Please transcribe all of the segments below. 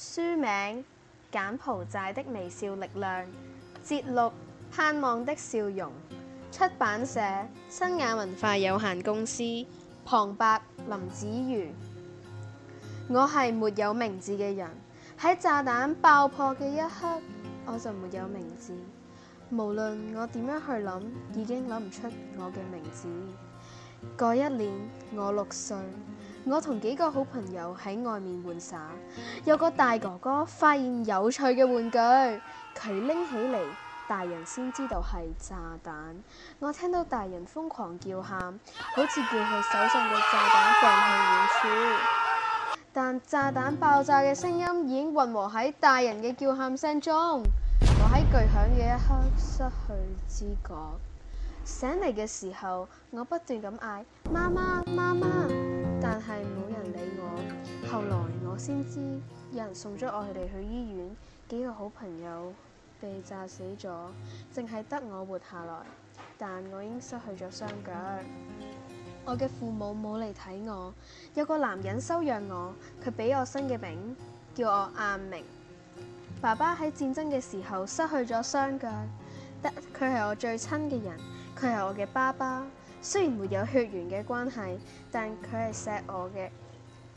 書名《柬埔寨的微笑力量》，節錄《盼望的笑容》，出版社：新亞文化有限公司，旁白：林子渝。我係沒有名字嘅人，喺炸彈爆破嘅一刻，我就沒有名字。無論我點樣去諗，已經諗唔出我嘅名字。嗰一年我六歲。我同幾個好朋友喺外面玩耍，有個大哥哥發現有趣嘅玩具，佢拎起嚟，大人先知道係炸彈。我聽到大人瘋狂叫喊，好似叫佢手上嘅炸彈放去遠處，但炸彈爆炸嘅聲音已經混和喺大人嘅叫喊聲中。我喺巨響嘅一刻失去知覺，醒嚟嘅時候，我不斷咁嗌媽媽，媽媽。但係冇人理我。後來我先知有人送咗我哋去醫院，幾個好朋友被炸死咗，淨係得我活下來。但我已經失去咗雙腳。我嘅父母冇嚟睇我，有個男人收養我，佢俾我新嘅名，叫我阿明。爸爸喺戰爭嘅時候失去咗雙腳，但佢係我最親嘅人，佢係我嘅爸爸。雖然沒有血緣嘅關係，但佢係錫我嘅，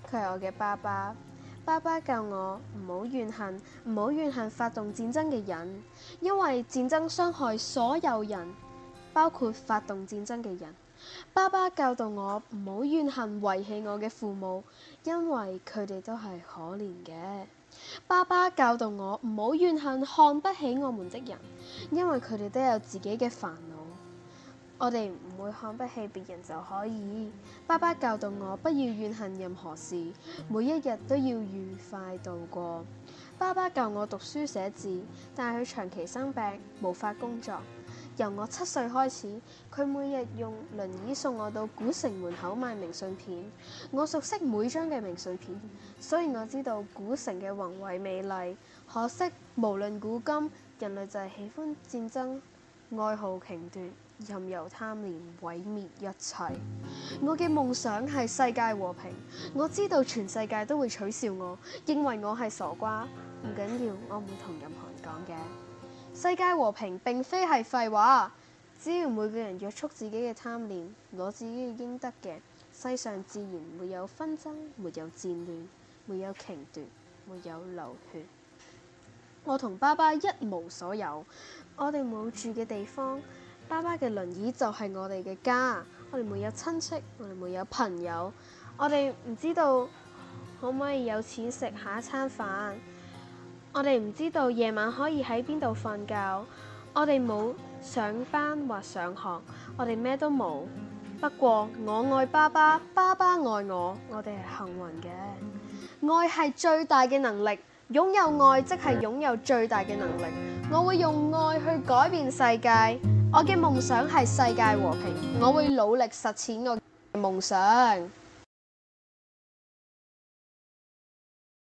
佢係我嘅爸爸。爸爸教我唔好怨恨，唔好怨恨發動戰爭嘅人，因為戰爭傷害所有人，包括發動戰爭嘅人。爸爸教導我唔好怨恨遺棄我嘅父母，因為佢哋都係可憐嘅。爸爸教導我唔好怨恨看不起我們的人，因為佢哋都有自己嘅煩惱。我哋唔會看不起別人就可以。爸爸教導我不要怨恨任何事，每一日都要愉快度過。爸爸教我讀書寫字，但係佢長期生病，無法工作。由我七歲開始，佢每日用輪椅送我到古城門口賣明信片。我熟悉每張嘅明信片，所以我知道古城嘅宏偉美麗。可惜，無論古今，人類就係喜歡戰爭，愛好絨斷。任由貪念毀滅一切。我嘅夢想係世界和平。我知道全世界都會取笑我，認為我係傻瓜。唔緊要，我唔同任何人講嘅。世界和平並非係廢話。只要每個人約束自己嘅貪念，攞自己應得嘅，世上自然沒有紛爭，沒有戰亂，沒有頃奪，沒有流血。我同爸爸一無所有，我哋冇住嘅地方。爸爸嘅輪椅就係我哋嘅家，我哋沒有親戚，我哋沒有朋友，我哋唔知道可唔可以有錢食下一餐飯，我哋唔知道夜晚可以喺邊度瞓覺，我哋冇上班或上學，我哋咩都冇。不過我愛爸爸，爸爸愛我，我哋係幸運嘅。愛係最大嘅能力，擁有愛即係擁有最大嘅能力。我會用愛去改變世界。我嘅夢想係世界和平，我會努力實踐我嘅夢想。